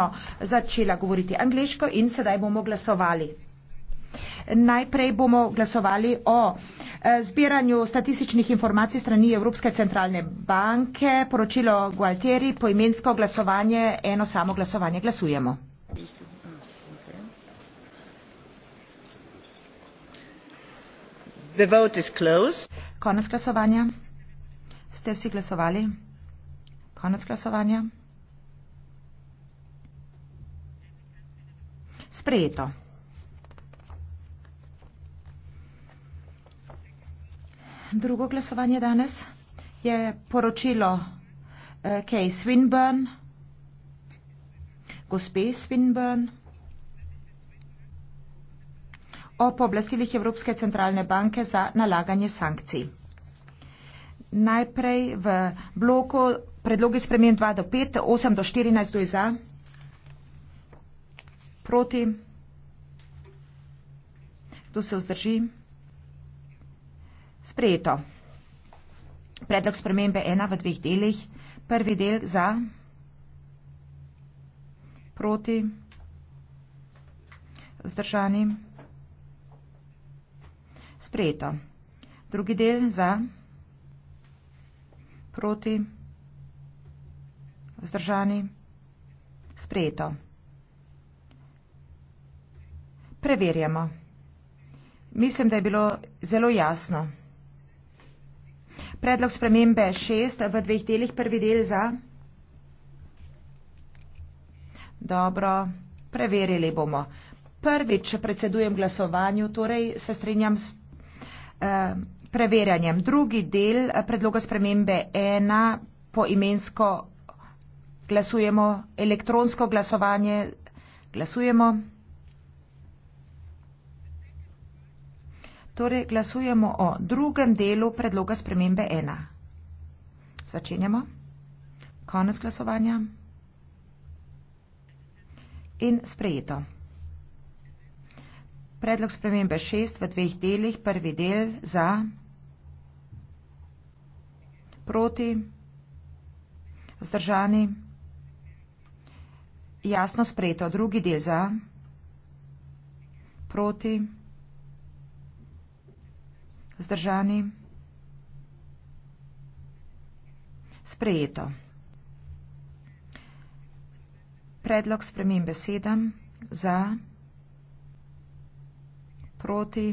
No, začela govoriti angliško in sedaj bomo glasovali. Najprej bomo glasovali o eh, zbiranju statističnih informacij strani Evropske centralne banke, poročilo Gualteri, poimensko glasovanje, eno samo glasovanje. Glasujemo. The vote is closed. Konec glasovanja. Ste vsi glasovali? Konec glasovanja. Sprejeto. Drugo glasovanje danes je poročilo eh, K. Swinburne, gospe Swinburne, o poblastilih Evropske centralne banke za nalaganje sankcij. Najprej v bloku predlogi spremem 2 do 5, 8 do 14 do iza proti? Kdo se vzdrži? Sprejeto. Predlog spremembe ena v dveh delih. Prvi del za, proti, vzdržani. Sprejeto. Drugi del za, proti, vzdržani. Sprejeto preverjamo. Mislim, da je bilo zelo jasno. Predlog spremembe šest v dveh delih, prvi del za. Dobro, preverili bomo. Prvič predsedujem glasovanju, torej se strinjam s eh, preverjanjem. Drugi del eh, predloga spremembe ena po imensko glasujemo, elektronsko glasovanje glasujemo. Torej glasujemo o drugem delu predloga spremembe ena. Začenjamo. Konec glasovanja. In sprejeto. Predlog spremembe šest v dveh delih. Prvi del za. Proti. Zdržani. Jasno sprejeto. Drugi del za. Proti. Vzdržani. Sprejeto. Predlog spremembe sedem za, proti,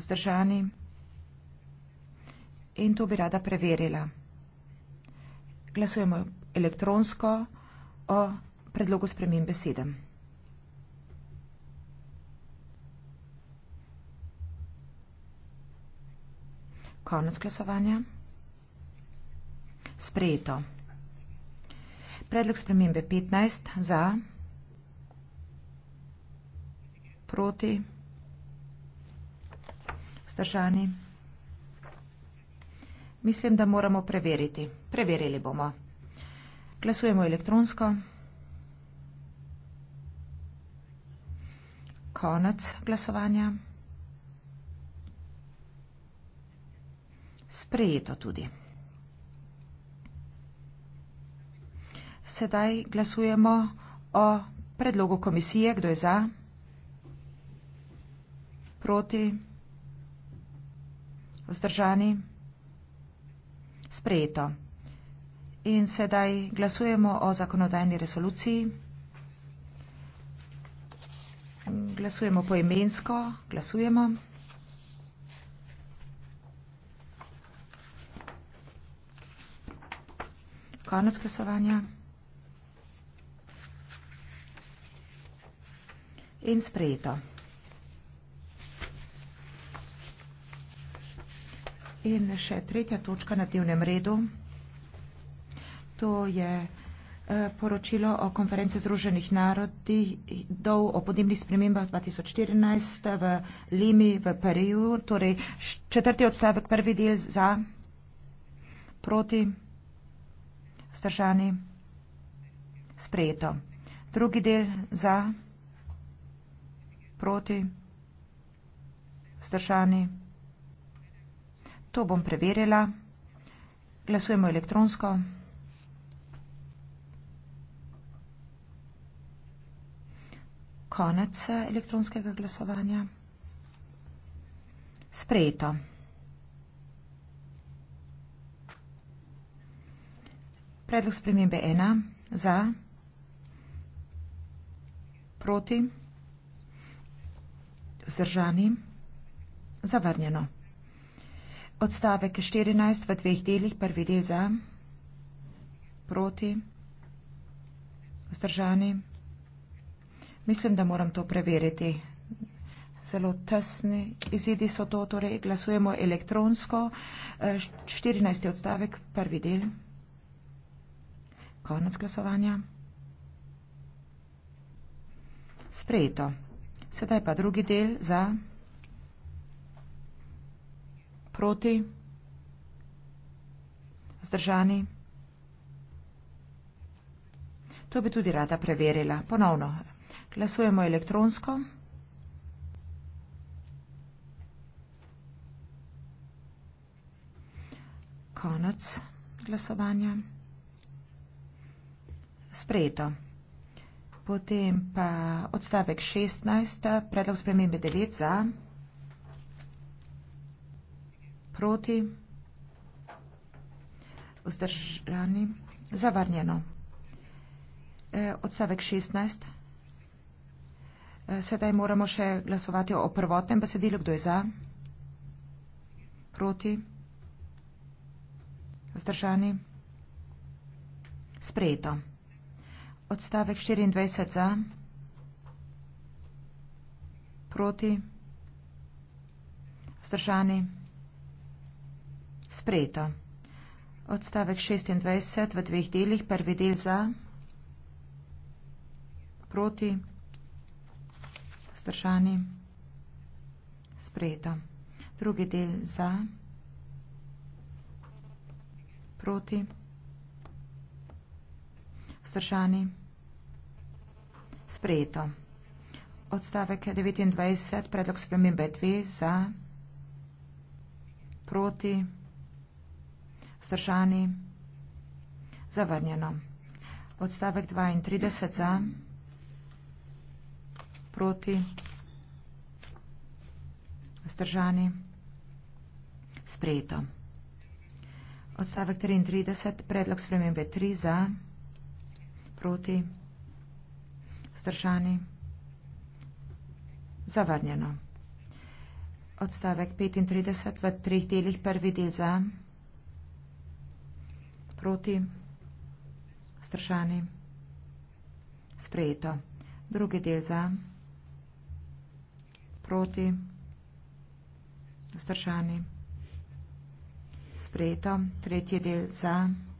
vzdržani in to bi rada preverila. Glasujemo elektronsko o predlogu spremembe sedem. Konec glasovanja. Sprejeto. Predlog spremembe 15 za, proti, vzdržani. Mislim, da moramo preveriti. Preverili bomo. Glasujemo elektronsko. Konec glasovanja. sprejeto tudi. Sedaj glasujemo o predlogu komisije, kdo je za, proti, vzdržani, sprejeto. In sedaj glasujemo o zakonodajni resoluciji. Glasujemo poimensko, glasujemo. konec glasovanja. In sprejeto. In še tretja točka na dnevnem redu. To je eh, poročilo o konferenci Združenih narodov o podnebnih spremembah 2014 v Limi v Periju. Torej četrti odstavek, prvi del za, proti vzdržani. Sprejeto. Drugi del za, proti, vzdržani. To bom preverila. Glasujemo elektronsko. Konec eh, elektronskega glasovanja. Sprejeto. Predlog spremembe ena za, proti, vzdržani, zavrnjeno. Odstavek 14 v dveh delih, prvi del za, proti, vzdržani. Mislim, da moram to preveriti. Zelo tesni izidi so to, torej glasujemo elektronsko. 14. Eh, odstavek, prvi del. Konec glasovanja. Sprejeto. Sedaj pa drugi del za proti, zdržani. To bi tudi rada preverila. Ponovno. Glasujemo elektronsko. Konec glasovanja sprejeto. Potem pa odstavek 16, predlog spremembe 9 za, proti, vzdržani, zavarnjeno. E, odstavek 16. E, sedaj moramo še glasovati o prvotnem besedilu, kdo je za, proti, vzdržani, sprejeto odstavek 24 za, proti, vzdržani, sprejeta. Odstavek 26 v dveh delih, prvi del za, proti, vzdržani, sprejeta. Drugi del za, proti, vzdržani vzdržani. Sprejeto. Odstavek 29, predlog spremembe 2 za, proti, vzdržani, zavrnjeno. Odstavek 32 za, proti, vzdržani, sprejeto. Odstavek 33, predlog spremembe 3 za, proti, vzdržani proti, vzdržani, zavrnjeno. Odstavek 35 v treh delih, prvi del za, proti, vzdržani, sprejeto. Drugi del za, proti, vzdržani, sprejeto. Tretji del za, proti, vzdržani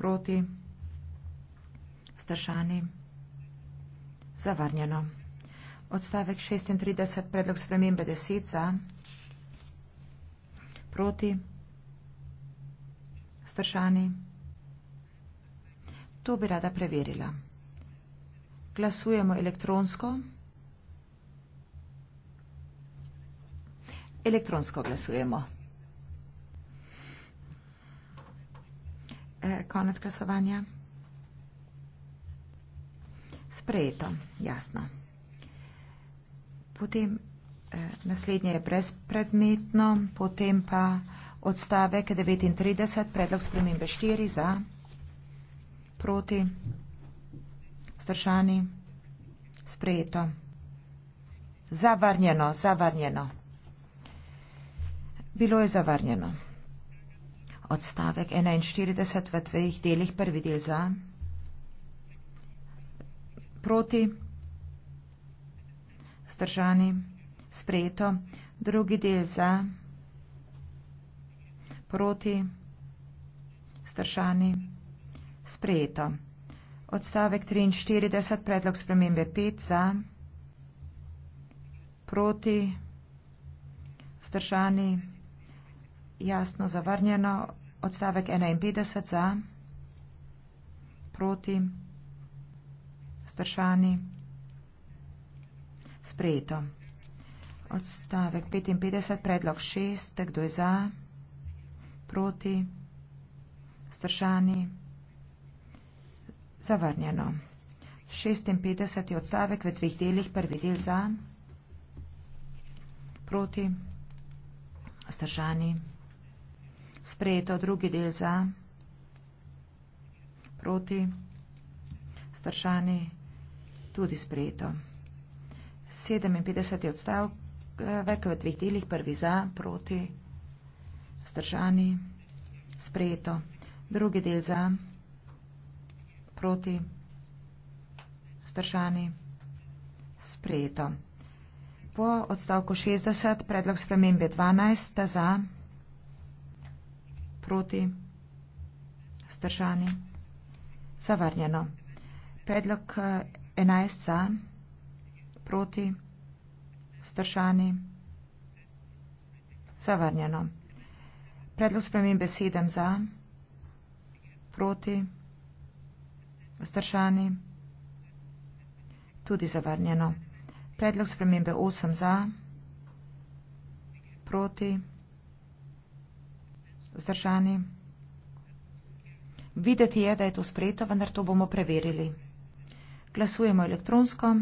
proti, vzdržani, zavrnjeno. Odstavek 36, predlog spremembe 10 za, proti, vzdržani. To bi rada preverila. Glasujemo elektronsko. Elektronsko glasujemo. konec glasovanja? Sprejeto, jasno. Potem eh, naslednje je brezpredmetno, potem pa odstavek 39, predlog spremembe 4 za, proti, stršani, sprejeto. Zavarnjeno, zavarnjeno. Bilo je zavarnjeno odstavek 41 v dveh delih, prvi del za, proti, zdržani, sprejeto, drugi del za, proti, zdržani, sprejeto. Odstavek 43, predlog spremembe 5 za, proti, zdržani, jasno zavrnjeno, odstavek 51 za, proti, stršani, sprejeto. Odstavek 55, predlog 6, kdo je za, proti, stršani, zavrnjeno. 56 je odstavek v dveh delih, prvi del za, proti, stršani, zavrnjeno sprejeto drugi del za proti stršani tudi sprejeto. 57. odstavek veke v dveh delih, prvi za, proti, stržani, sprejeto, drugi del za, proti, stržani, sprejeto. Po odstavku 60 predlog spremembe 12, ta za proti, vzdržani, zavrnjeno. Predlog 11 eh, za, proti, vzdržani, zavrnjeno. Predlog spremembe 7 za, proti, vzdržani, tudi zavrnjeno. Predlog spremembe 8 za, proti, vzdržani vzdržani. Videti je, da je to sprejeto, vendar to bomo preverili. Glasujemo elektronsko.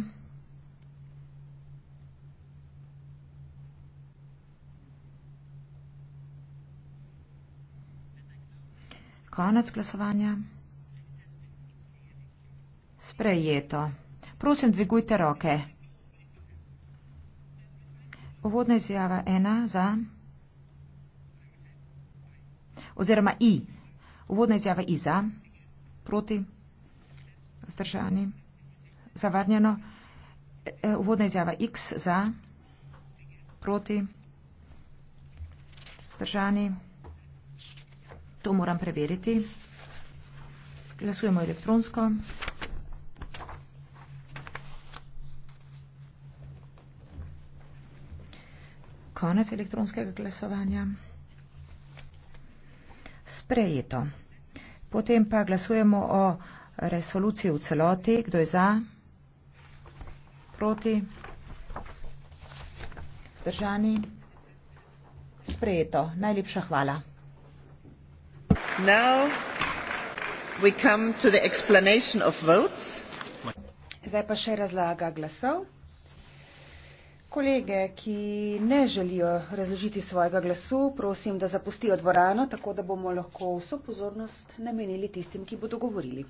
Konec glasovanja. Sprejeto. Prosim, dvigujte roke. Uvodna izjava ena za oziroma i. Uvodna izjava i za, proti, vzdržani, zavarnjeno. E, uvodna izjava x za, proti, vzdržani. To moram preveriti. Glasujemo elektronsko. Konec elektronskega glasovanja sprejeto. Potem pa glasujemo o resoluciji v celoti. Kdo je za? Proti? Zdržani? Sprejeto. Najlepša hvala. Zdaj pa še razlaga glasov. Kolege, ki ne želijo razložiti svojega glasu, prosim, da zapustijo dvorano, tako da bomo lahko vso pozornost namenili tistim, ki bodo govorili.